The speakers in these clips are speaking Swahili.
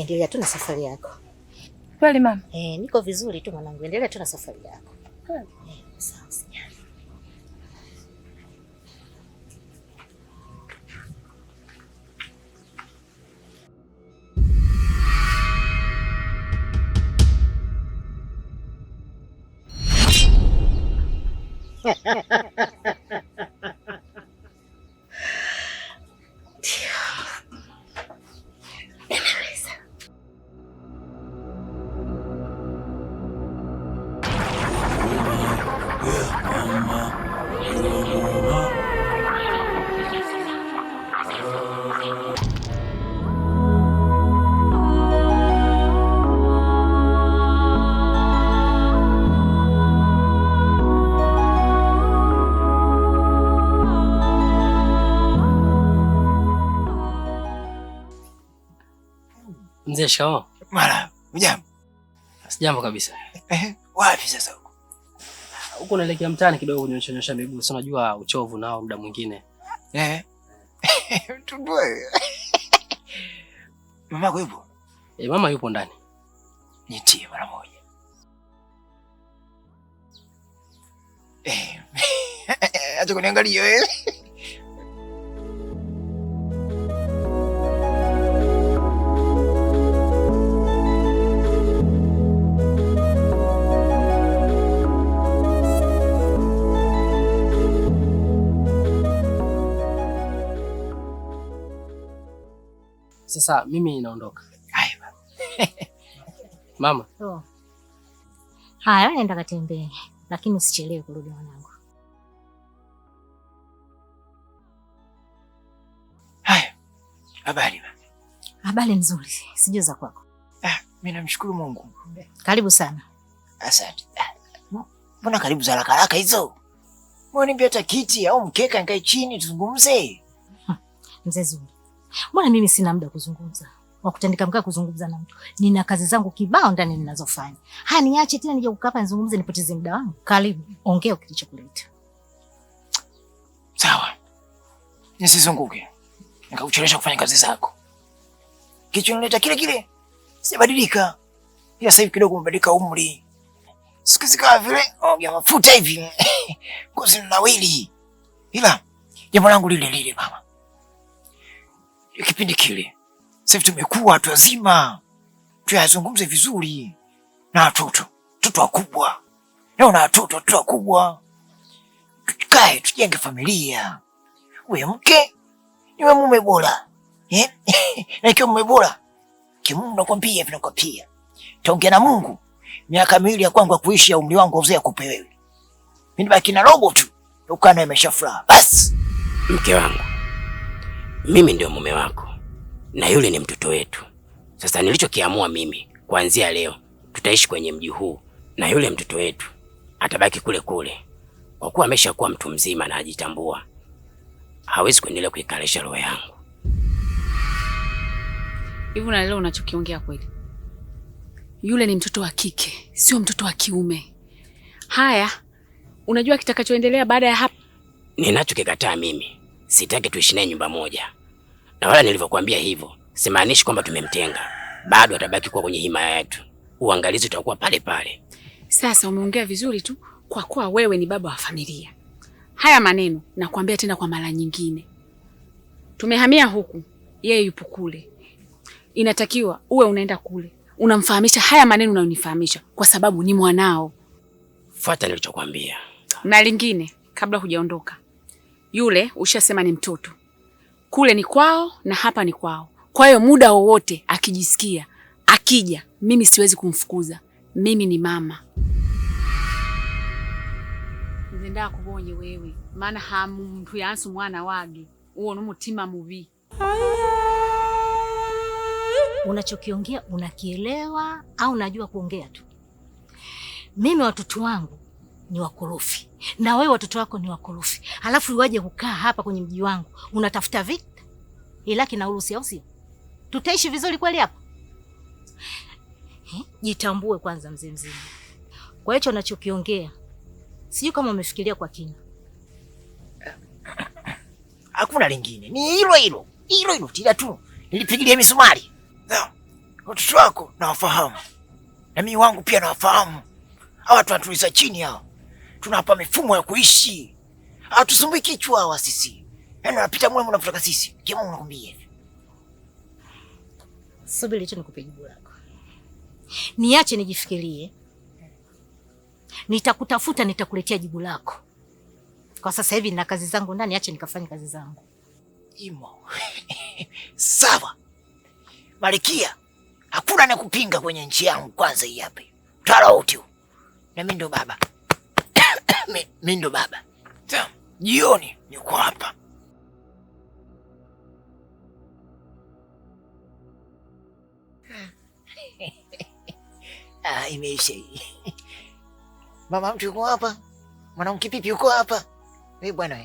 Endelea tu na safari yako. Kweli mama? Eh, niko vizuri tu mwanangu. Endelea tu na safari yako. Kweli. Eh, sawa. Mzee shikamoo. Mara, hujambo? Sijambo kabisa. Eh, wapi sasa huko? Huko naelekea mtaani kidogo kunyosha nyosha miguu. Sasa unajua uchovu nao muda mwingine. Eh. Tumbwe. Mama yupo? E, mama yupo ndani. Nitie mara moja. Eh. Acha kuniangalia wewe. Sasa mimi naondoka. Mama. Oh. Haya, nenda katembee, lakini usichelewe kurudi mwanangu. Haya. Habari. Habari nzuri. Sijui za kwako. Ah, mimi namshukuru Mungu. Karibu sana. Asante. Mbona karibu za haraka haraka hizo? Mbona nipe hata kiti au mkeka nikae chini tuzungumze. Mzee Zuri. Mbona mimi sina muda kuzungumza wa kutandika mkaa kuzungumza na mtu. Nina kazi zangu kibao ndani ninazofanya. Haya, niache tena nije kukaa hapa nizungumze nipoteze muda wangu. Karibu, ongea kilichokuleta. Sawa. Nisizunguke. nikakuchelesha kufanya kazi zako. Kichonileta kile kile. Sibadilika. Ila sasa hivi kidogo umebadilika umri. Siku vile ongea mafuta hivi. Ngozi nawili. Ila jambo langu lile lile mama kipindi kile. Sasa tumekuwa watu wazima, tuyazungumze vizuri na watoto, watoto wakubwa leo na watoto, watoto wakubwa. Tukae tujenge familia, uwe mke niwe mume bora eh? na ikiwa mume bora kimungu, nakwambia vinakwambia, taongea na Mungu miaka miwili ya kwangu ya kuishi ya umri wangu wa uzee akupe wewe, mimi baki na robo tu ukana imeshafuraha basi, mke wangu mimi ndio mume wako na yule ni mtoto wetu. Sasa nilichokiamua mimi, kuanzia leo tutaishi kwenye mji huu na yule mtoto wetu atabaki kule kule, kwa kuwa ameshakuwa mtu mzima na ajitambua, hawezi kuendelea kuikalisha roho yangu. hivyo. na leo unachokiongea kweli? Yule ni mtoto wa kike, sio mtoto wa kiume. Haya, unajua kitakachoendelea baada ya hapa? Ninachokikataa mimi, sitaki tuishi naye nyumba moja na wala nilivyokuambia hivyo simaanishi kwamba tumemtenga, bado atabaki kuwa kwenye himaya yetu. Uangalizi utakuwa pale pale. Sasa umeongea vizuri tu, kwa kuwa wewe ni baba wa familia. Haya maneno nakwambia tena kwa mara nyingine, tumehamia huku, yeye yupo kule, inatakiwa uwe unaenda kule unamfahamisha haya maneno unayonifahamisha, kwa sababu ni mwanao. Fuata nilichokwambia. Na lingine, kabla hujaondoka, yule ushasema ni mtoto kule ni kwao na hapa ni kwao. Kwa hiyo muda wowote akijisikia, akija, mimi siwezi kumfukuza. Mimi ni mama nzendaa kubonye wewe maana hamuntu mwana wage uo numutima mubi. Unachokiongea unakielewa au unajua kuongea tu? Mimi watoto wangu ni wakorofi na wewe watoto wako ni wakorofi, alafu iwaje kukaa hapa kwenye mji wangu unatafuta vita ilaki na urusi, au sio? Tutaishi vizuri kweli hapa? Eh, jitambue kwanza mzee mzima. Kwa hicho unachokiongea sijui kama umefikiria kwa kina. Hakuna lingine, ni hilo hilo hilo hilo tila tu nilipigilia misumari. Watoto wako nawafahamu, na mimi wangu pia nawafahamu. Hawa watu wanatuliza chini hao tunapa mifumo ya kuishi, hatusumbui kichwa hawa sisi. Yaani napita mwe mnamtaka sisi. Kimo mnakumbia hivi. Subiri tu nikupe jibu lako. Niache nijifikirie. Nitakutafuta, nitakuletea jibu lako. Kwa sasa hivi nina kazi zangu ndani, ache nikafanye kazi zangu. Imo. Sawa. Malikia, hakuna anakupinga kwenye nchi yangu kwanza hii hapa. Tara Na mimi ndo baba. mi ndo baba jioni, niko hapa. Ah, imeisha hii. Mama mtu yuko hapa, mwanamke pipi yuko hapa. Wewe eh, bwana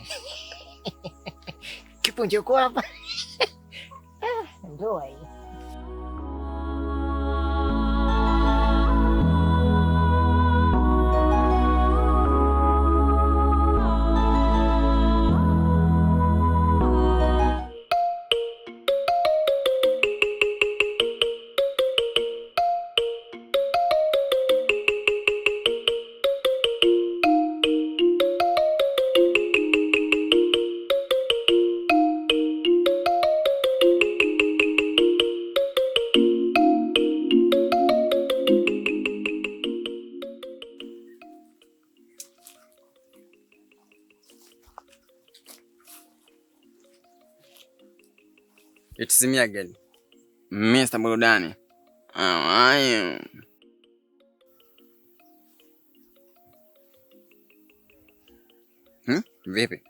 kipunje yuko hapa ah, ndoa asilimia gani? Mr. Burudani. Hmm? Vipi?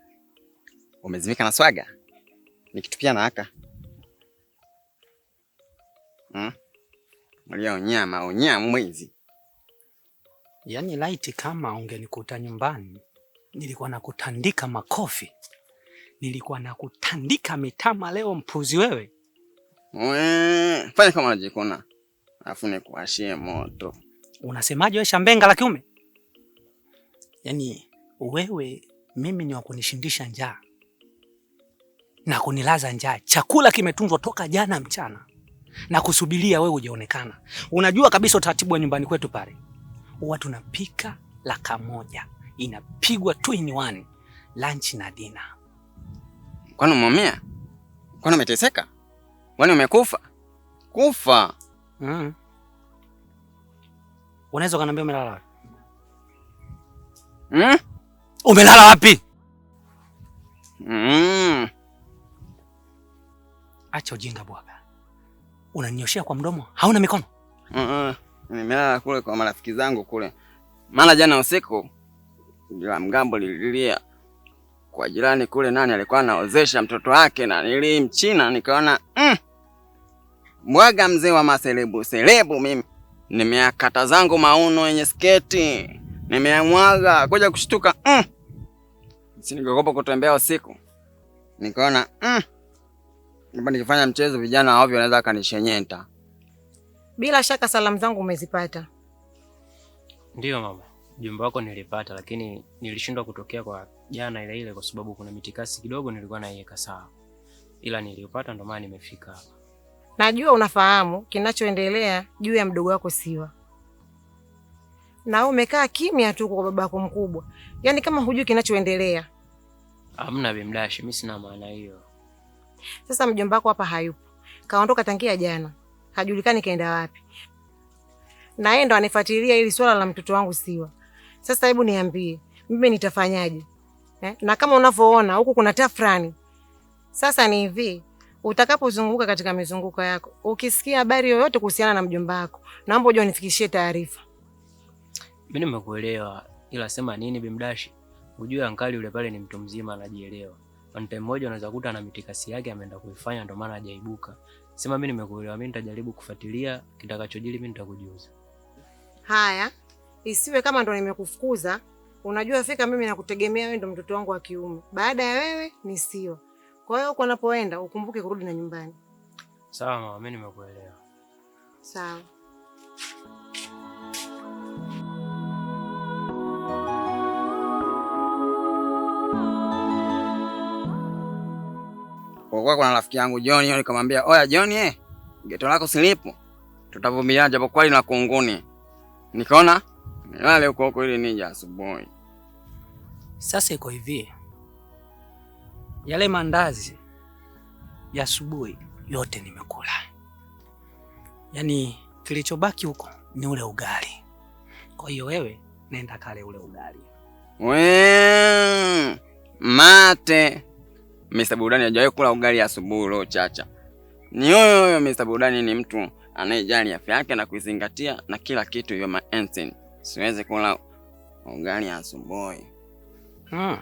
Umezimika na swaga? Nikitupia na aka. Hmm? Mlia unyama, unyama mwizi. Yaani laiti kama ungenikuta nyumbani, nilikuwa nakutandika makofi. Nilikuwa nakutandika mitama leo mpuzi wewe. Eh, fanya kama unajikuna, alafu nikuashie moto. Unasemaje wewe shambenga la kiume? Yaani wewe mimi ni wakunishindisha njaa na kunilaza njaa. Chakula kimetunzwa toka jana mchana na kusubiria wewe ujaonekana Unajua kabisa utaratibu wa nyumbani kwetu pale, huwa tunapika laka moja inapigwa two in one, lunch na dinner. Kwani umeumia? Kwani umeteseka? Kwani umekufa? Kufa. Mhm. Unaweza kuniambia umelala wapi? Mhm. Umelala wapi? Mhm. Acha ujinga bwaga. Unanyoshea kwa mdomo, hauna mikono? Mhm. Nimelala kule kwa marafiki zangu kule. Maana jana usiku la mgambo lililia kwa jirani kule, nani alikuwa anaozesha mtoto wake, na nilimchina nikaona, mm, mwaga mzee wa maselebu selebu. Mimi nimeakata zangu mauno yenye sketi, nimeamwaga kuja kushtuka, mm, si sinikogopa kutembea usiku, nikaona mm, nipo nikifanya mchezo, vijana ovyo wanaweza akanishenyenta. Bila shaka salamu zangu umezipata? Ndiyo mama, jumba wako nilipata, lakini nilishindwa kutokea kwa jana ile ile, kwa sababu kuna mitikasi kidogo nilikuwa naiweka sawa, ila niliyopata ndo maana nimefika hapa. Najua unafahamu kinachoendelea juu ya mdogo wako Siwa, na umekaa kimya tu kwa babako mkubwa, yaani kama hujui kinachoendelea. Amna Bimdashi, mimi sina maana hiyo. Sasa mjomba wako hapa hayupo, kaondoka tangia jana, hajulikani kaenda wapi, na yeye ndo anifuatilia ili swala la mtoto wangu Siwa. Sasa hebu niambie mimi nitafanyaje? eh? Na kama unavyoona huku kuna tafrani. Sasa ni hivi, utakapozunguka katika mizunguko yako, ukisikia habari yoyote kuhusiana na mjomba wako, naomba uje unifikishie taarifa. Mimi nimekuelewa, ila sema nini Bimdashi, ujue ankali yule pale ni mtu mzima anajielewa. Mtu mmoja unaweza kukuta ana mitikasi yake ameenda kuifanya, ndio maana hajaibuka. Sema mimi nimekuelewa, mimi nitajaribu kufuatilia kitakachojili, mimi nitakujuza. Haya, isiwe kama ndo nimekufukuza Unajua fika, mimi nakutegemea wewe, ndo mtoto wangu wa kiume. Baada ya wewe ni sio. Kwa hiyo huko unapoenda ukumbuke kurudi na nyumbani. Sawa mama, mimi nimekuelewa. Sawa. Kwa kuna rafiki yangu John nikamwambia, oya John, eh, geto lako silipo, tutavumilia japo kwali na kunguni. Nikaona nilale huko huko ili nija asubuhi. Sasa iko hivi, yale mandazi ya asubuhi yote nimekula, yaani kilichobaki huko ni ule ugali. Kwa hiyo wewe nenda kale ule ugali. We mate, Mr. Burudani hajawahi kula ugali asubuhi. leo chacha ni huyo huyo. Mr. Burudani ni mtu anayejali afya yake na kuizingatia na kila kitu. Hiyo maensin, siwezi kula ugali asubuhi. Hmm.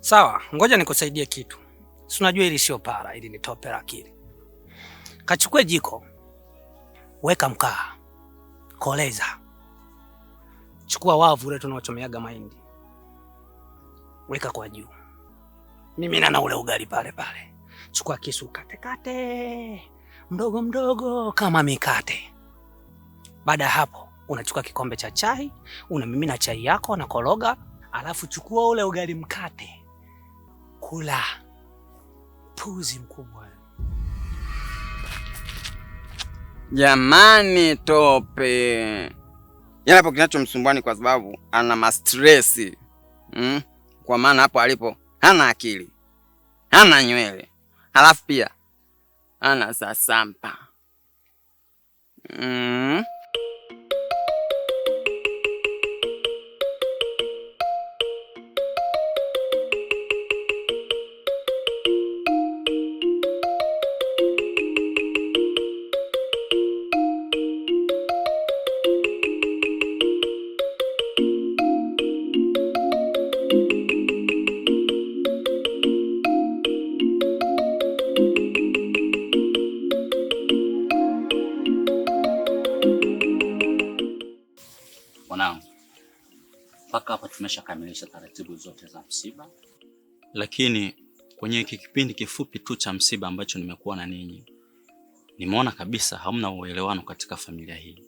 Sawa, ngoja nikusaidie kitu. Si unajua sio para, ili nitope akili. Kachukue jiko, weka mkaa, koleza, chukua wavu ule tunaochomeaga mahindi, weka kwa juu, mimi na ule ugali pale pale, chukua kisu, katekate mdogo mdogo kama mikate. Baada ya hapo, unachukua kikombe cha chai, unamimina chai yako na koroga alafu chukua ule ugali mkate, kula. Puzi mkubwa jamani, tope yeye yaani hapo. Kinachomsumbua ni kwa sababu ana mastresi mm? Kwa maana hapo alipo hana akili, hana nywele, halafu pia hana sasampa mm? Mwanangu, mpaka hapa tumeshakamilisha taratibu zote za msiba, lakini kwenye hiki kipindi kifupi tu cha msiba ambacho nimekuwa na ninyi, nimeona kabisa hamna uelewano katika familia hii.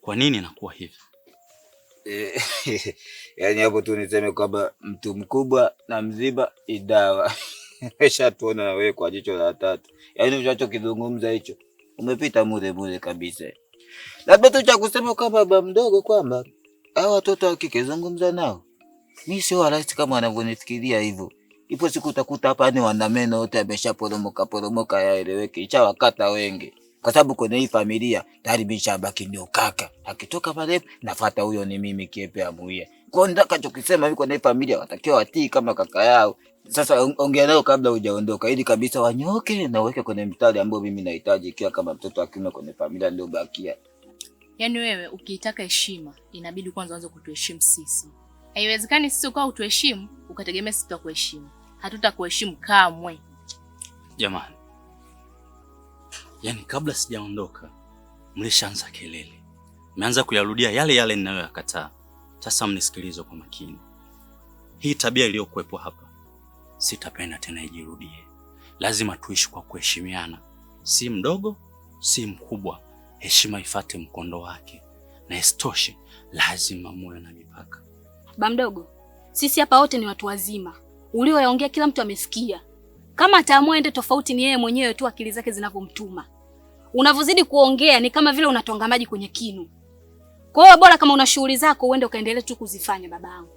Kwa nini nakuwa hivyo Yaani hapo tu niseme kwamba mtu mkubwa na mziba idawa. Umeshatuona na wewe kwa jicho la tatu, yaani unachokizungumza hicho umepita mure mure kabisa labda tu cha kusema kwa baba mdogo kwamba hao watoto wa kike zungumza nao. Mimi sio rahisi kama wanavyonifikiria hivyo. Ipo siku utakuta hapa ni wana meno wote ameshaporomoka poromoka, yaeleweke, ishawakata wengi, kwa sababu kwenye hii familia tayari bishabaki ni ukaka. Akitoka pale nafuata huyo, ni mimi kiepe amuia Kwa Nataka chokisema mimi, kwenye hii familia watakiwa watii kama kaka yao, sasa ongea nao kabla hujaondoka, ili kabisa wanyoke na uweke kwenye mstari ambao mimi nahitaji, ikiwa kama mtoto wa kiume kwenye familia niliobakia. Yaani wewe ukiitaka heshima inabidi kwanza uanze kutuheshimu sisi. Haiwezekani sisi ukawa utuheshimu ukategemea sisi tutakuheshimu. Hatutakuheshimu kamwe. Jamani, yaani kabla sijaondoka mlishaanza kelele, mmeanza kuyarudia yale yale ninayoyakataa. Sasa mnisikilize kwa makini, hii tabia iliyokuwepo hapa sitapenda tena ijirudie. Lazima tuishi kwa kuheshimiana, si mdogo si mkubwa, heshima ifate mkondo wake, na isitoshe lazima muwe na mipaka. Ba mdogo, sisi hapa wote ni watu wazima, ulioyaongea kila mtu amesikia. Kama ataamua ende tofauti, ni yeye mwenyewe tu, akili zake zinavyomtuma. Unavyozidi kuongea ni kama vile unatonga maji kwenye kinu. Kwa hiyo bora kama una shughuli zako uende ukaendelee tu kuzifanya, babangu.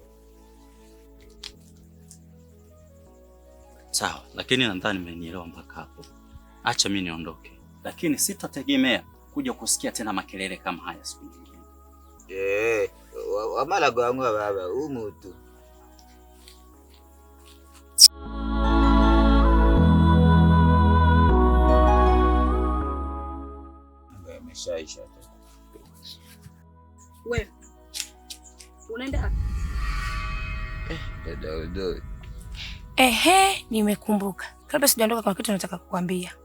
Sawa, lakini nadhani mmenielewa mpaka hapo. Acha mimi niondoke, lakini sitategemea kuja kusikia tena makelele kama haya siku nyingine. Eh, wamala gwangwa baba umutu ameshaisha. Wewe unaenda? Eh, dada Ehe, nimekumbuka. Kabla sijaondoka, kuna kitu nataka kukwambia.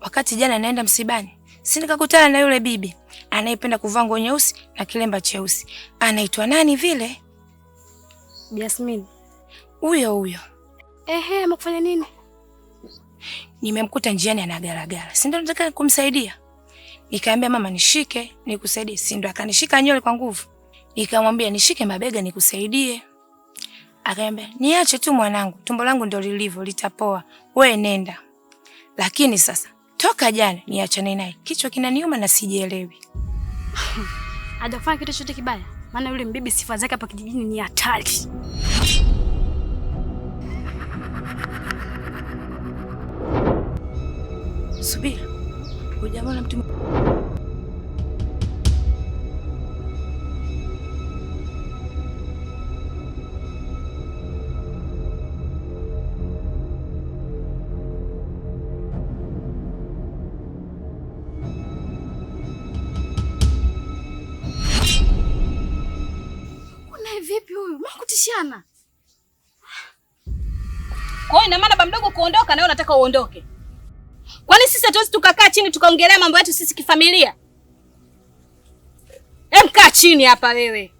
Wakati jana naenda msibani, si nikakutana na yule bibi anayependa kuvaa nguo nyeusi na kilemba cheusi, anaitwa nani vile? Jasmine. Huyo huyo. Ehe, amekufanya nini? Nimemkuta njiani anagaragara, si ndio nataka kumsaidia. Nikamwambia mama, nishike nikusaidie, si ndio akanishika nywele kwa nguvu. Nikamwambia nishike mabega nikusaidie. Akaniambia niache tu mwanangu, tumbo langu ndio lilivyo, litapoa, we nenda. Lakini sasa toka jana niachane naye, kichwa kinaniuma na sijielewi. Hajafanya kitu chote kibaya, maana yule mbibi sifa zake hapa kijijini ni hatari. Subiri, hujamwona mtu kuondoka na wewe unataka uondoke. Kwani sisi hatuwezi tukakaa chini tukaongelea mambo yetu sisi kifamilia? Em, kaa chini hapa wewe.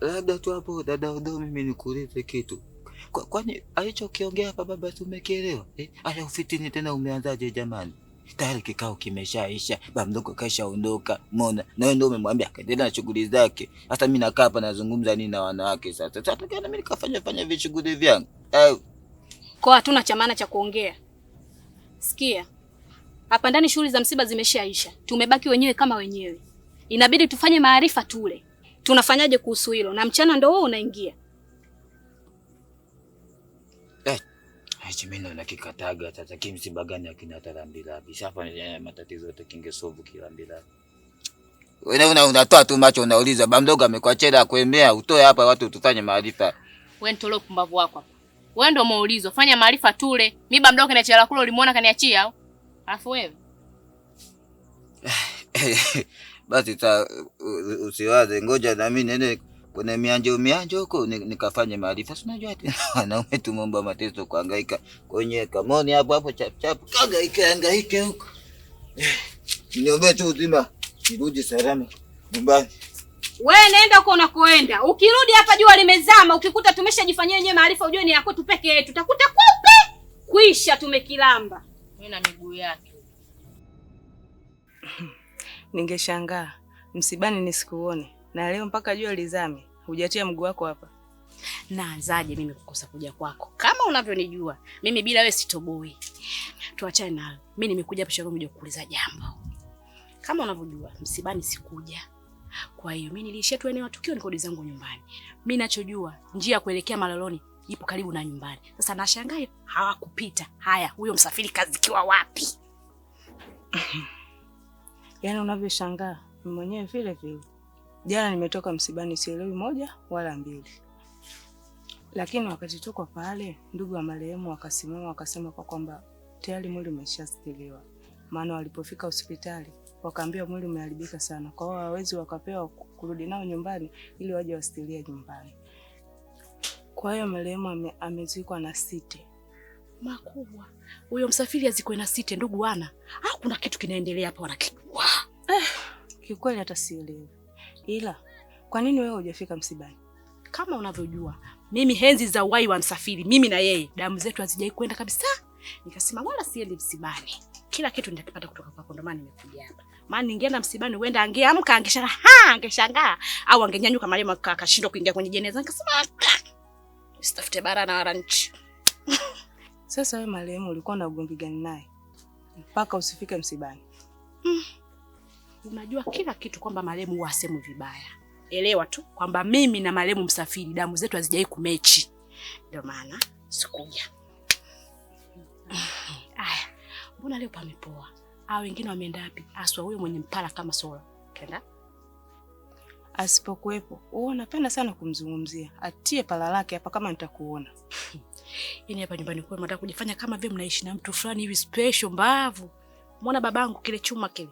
Labda tu hapo dada Odo, mimi nikuulize kitu. Kwani alichokiongea hapa baba tumekielewa? Eh, aya ufitini tena umeanzaje jamani? tayari kikao kimeshaisha, ba mdogo kashaondoka. mona na wewe ndio umemwambia akaendelea na shughuli zake. Sasa mimi nakaa hapa nazungumza nini na wanawake? Sasa sasa mimi nikafanya fanya vishughuli vyangu au kwa, hatuna cha maana cha kuongea. Sikia hapa ndani, shughuli za msiba zimeshaisha, tumebaki wenyewe kama wenyewe, inabidi tufanye maarifa, tule tunafanyaje kuhusu hilo, na mchana ndo wewe unaingia Hachi Mimi kikataga tata kimsiba gani akina tarambilabi. Sasa ni eh, matatizo yote kingesovu kilambilabi. Wewe una unatoa tu macho unauliza ba mdogo amekuachela kuembea utoe hapa watu tufanye maarifa. Wewe nitolo kumbavu wako hapa. Wewe ndio muulizo fanya maarifa tule. Mimi ba mdogo kinachela kula ulimuona kaniachia au? Alafu wewe. Basi ta usiwaze ngoja na mimi nene kuna mianjo mianjo huko nikafanya maarifa, si unajua wanaume tumomba mateso kuhangaika kwenye kamoni hapo hapo chap chap kahangaike hangaike huko, eh, niombe tu uzima nirudi salama nyumbani. Wewe nenda huko unakoenda, ukirudi hapa jua limezama. Ukikuta tumeshajifanyia wenyewe maarifa, ujue ni yako tu peke yetu, takuta kupe kwisha, tumekilamba mimi na miguu yake. Ningeshangaa msibani nisikuone na leo mpaka jua lizame hujatia mguu wako hapa. Naanzaje mimi kukosa kuja kwako? Kama unavyonijua mimi, bila wewe sitoboi. Tuachane nalo. Mimi nimekuja hapa shuleni kuja kukuuliza jambo. Kama unavyojua msibani sikuja, kwa hiyo mimi niliishia tu eneo tukio, nikodi zangu nyumbani. Mimi nachojua njia ya kuelekea Maloloni ipo karibu na nyumbani. Sasa nashangaa hawakupita. Haya, huyo msafiri kazikiwa wapi? Yaani unavyoshangaa mwenyewe vile vile. Jana nimetoka msibani, sielewi moja wala mbili, lakini wakati toka pale, ndugu wa marehemu wakasimama wakasema kwa kwamba tayari mwili umeshastiliwa, maana walipofika hospitali wakaambia mwili umeharibika sana, kwa hiyo hawawezi wakapewa kurudi nao nyumbani ili waje wastilie nyumbani. Kwa hiyo marehemu ame, amezikwa na site makubwa. Huyo msafiri azikwe na site, ndugu wana, au kuna kitu kinaendelea hapa wanakijua. Eh, kikweli hata sielewi. Ila kwa nini wewe hujafika msibani? Kama unavyojua mimi henzi za uhai wa Msafiri, mimi na yeye damu zetu hazijai kwenda kabisa. Nikasema wala siendi msibani, kila kitu nitakipata kutoka kwako, ndio maana nimekuja hapa. Maana ningeenda msibani, huenda angeamka, angeshangaa, angeshangaa au angenyanyuka mali malema akashindwa kuingia kwenye jeneza. Nikasema sitafute bara na wala Sasa wewe marehemu ulikuwa na ugomvi gani naye mpaka usifike msibani? hmm unajua kila kitu kwamba marehemu huwa hasemwi vibaya. Elewa tu kwamba mimi na marehemu Msafiri damu zetu hazijai kumechi, ndio maana sikuja. Aya, mbona leo pamepoa? Hao wengine wameenda wapi? Aswa huyo mwenye mpala kama Sola kenda asipokuwepo wewe napenda sana kumzungumzia, atie pala lake hapa kama nitakuona. Yaani hapa nyumbani kwenu mnataka kujifanya kama vile mnaishi na mtu fulani hivi special mbavu. Muona babangu kile chuma kile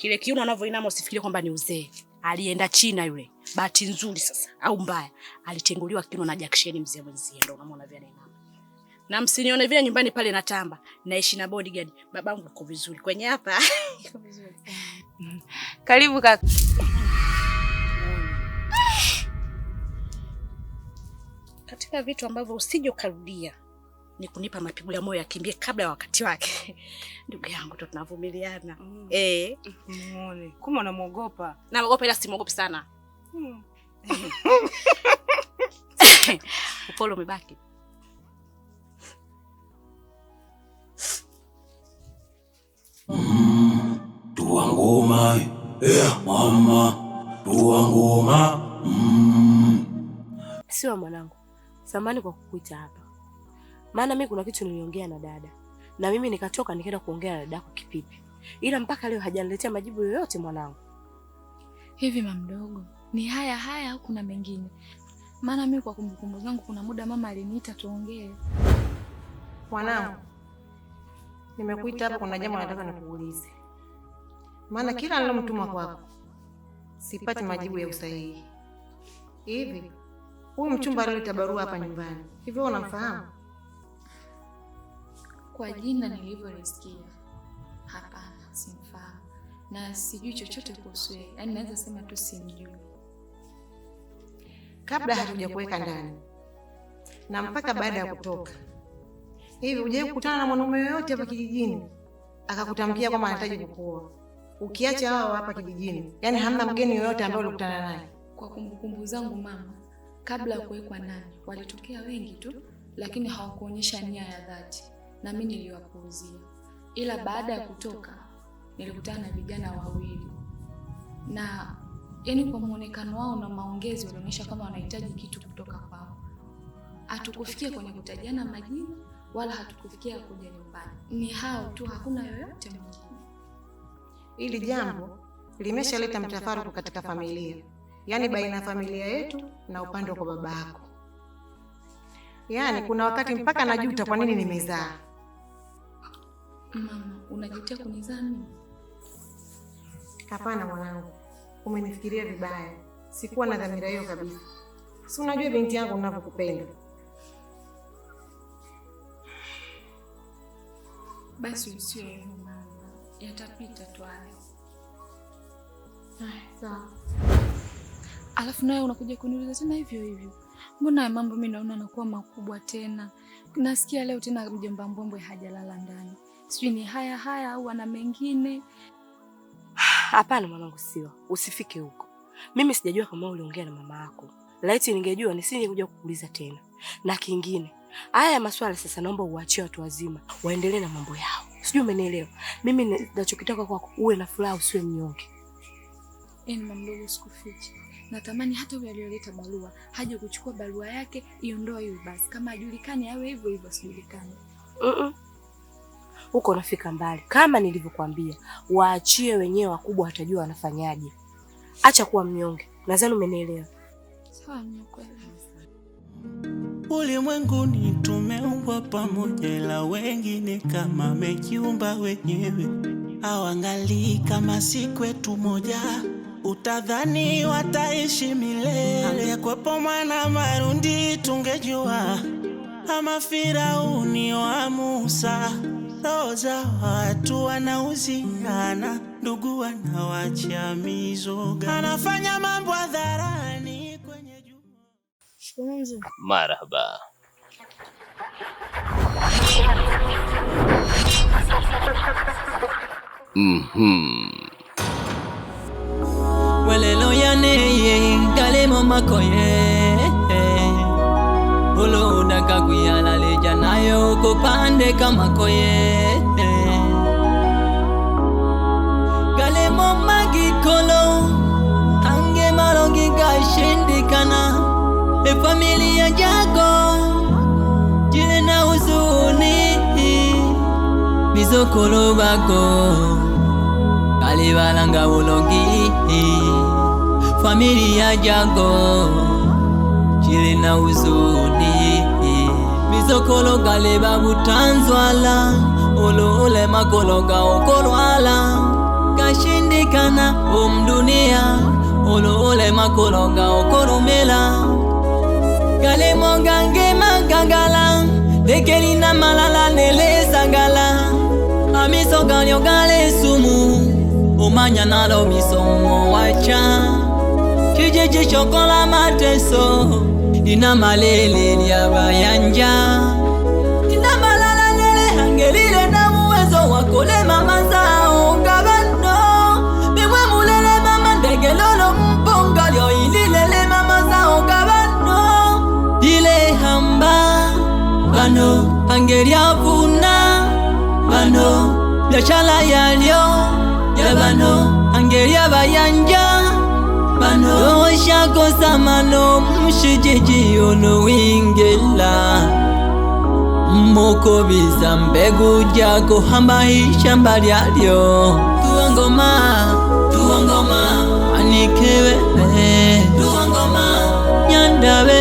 Kile kiuno anavyoinama usifikirie kwamba ni uzee. Alienda China yule. Bahati nzuri sasa au mbaya, alitenguliwa kiuno na Jackson mzee mwenzie, ndio unamwona vile anainama. Na msinione vile nyumbani pale natamba. Naishi na bodyguard. Babangu uko vizuri. Kwenye hapa vizuri. Karibu kaka. Katika vitu ambavyo usije ukarudia ni kunipa mapigo ya moyo yakimbie kabla ya wakati wake. Ndugu yangu tu tunavumiliana. Mm. Eh, muone. Kumbe unamuogopa. Naogopa ila simuogopi sana. Mm. Upole umebaki. Mm, tua ngoma eh, mama tua ngoma mm. Sio mwanangu, samani kwa kukuita hapa maana mimi kuna kitu niliongea na dada na mimi nikatoka nikaenda kuongea na dadako Kipipi, ila mpaka leo hajaniletea majibu yoyote mwanangu. Hivi mamdogo, ni haya haya au kuna mengine? Maana mimi kwa kumbukumbu zangu kuna muda mama aliniita tuongee. Mwanangu, nimekuita hapa, kuna jambo nataka nikuulize, maana kila mtumwa kwako sipati majibu ya usahihi. Hivi huyu mchumba alileta barua hapa nyumbani, hivyo unamfahamu? kwa jina nilivyolisikia. Hapana, simfahamu na sijui chochote kuhusu yeye, yaani naweza sema tu simjui. Kabla hatuja kuweka ndani na mpaka baada ya kutoka, hivi hujawahi kukutana na mwanaume yoyote hapa kijijini akakutamkia kwamba anahitaji kukuoa? Ukiacha hao hapa kijijini, yaani hamna mgeni yoyote ambaye ulikutana naye? Kwa kumbukumbu zangu mama, kabla ya kuwekwa ndani walitokea wengi tu, lakini hawakuonyesha nia ya dhati na mimi niliwapuuzia, ila baada ya kutoka nilikutana na vijana wawili na yani, kwa muonekano wao na maongezi walionyesha kama wanahitaji kitu kutoka kwao. Hatukufikia kwenye kutajana majina wala hatukufikia kuja nyumbani, ni hao tu, hakuna yoyote mwingine. Hili jambo limeshaleta mtafaruku katika familia, yaani baina ya familia yetu na upande wa kwa baba yako. Yaani kuna wakati mpaka najuta kwa nini nimezaa. Mama, unajitia kunizaa mimi? Hapana mwanangu, umenifikiria vibaya. Sikuwa na dhamira hiyo kabisa. Si unajua binti yangu ninavyokupenda. Basi usio hivyo mama, yatapita tu hayo. Sawa. Alafu naye unakuja kuniuliza tena hivyo hivyo. Mbona mambo mimi naona yanakuwa makubwa tena? Nasikia leo tena mjomba Mbwembwe hajalala ndani sijui ni haya haya au ana mengine. Hapana mwanangu, sio, usifike huko. Mimi sijajua kama uliongea na mama yako, laiti ningejua nisingekuja kukuuliza tena. Na kingine, haya maswala sasa naomba uachie watu wazima waendelee na mambo yao, sijui umenielewa. Mimi ninachokitaka kwako uwe na furaha, usiwe mnyonge. Mdogo, sikufichi, natamani hata huyo aliyoleta barua haje kuchukua barua yake, iondoa hiyo basi. Kama ajulikani awe hivyo hivyo, asijulikani. uh -uh huko unafika mbali. Kama nilivyokuambia, waachie wenyewe, wakubwa watajua wanafanyaje. Acha kuwa mnyonge, nadhani umenielewa. Ulimwenguni tumeumbwa pamoja, ila wengine kama mejiumba wenyewe, awangali kama si kwetu moja utadhani wataishi milele. Angekwepo mwana Marundi tungejua, ama Firauni wa Musa roho za watu wanauziana, ndugu wanawachia mizoga, anafanya mambo hadharani kwenye juu. Marhaba. Mhm. Welelo yaneye ngalemo uludaka kuyalaleja nayo ukupande kamakoye galemo magikolo ange malongi gashindikana efamilia jago jile na uzuni bizokolo bako kalibalanga bulongi familia jago kili na uzuni bizokologa leba butanzwala ulu ulema kologa okolwala kashindikana umdunia ulu ulema kologa okolumela kalemonga ngema kangala tekeli na malala nelesangala amiso gale sumu umanya nalo misomo wacha chijiji chokola mateso Ndina malele lya bayanja Ndina malala nele hangelile na muwezo wa kulema mazao ngabano Bimwe mulele mama ndegelolo mponga lyo ililele mama zao ngabano Dile hamba Bano hangelia vuna Bano biashara yalyo Ya bano hangelia bayanja Oshakhosamano mshijiji ono wingela mukobisa mbegu jako hamba ishamba lyalyo tuongoma tuongoma anikewele tuongoma nyandawe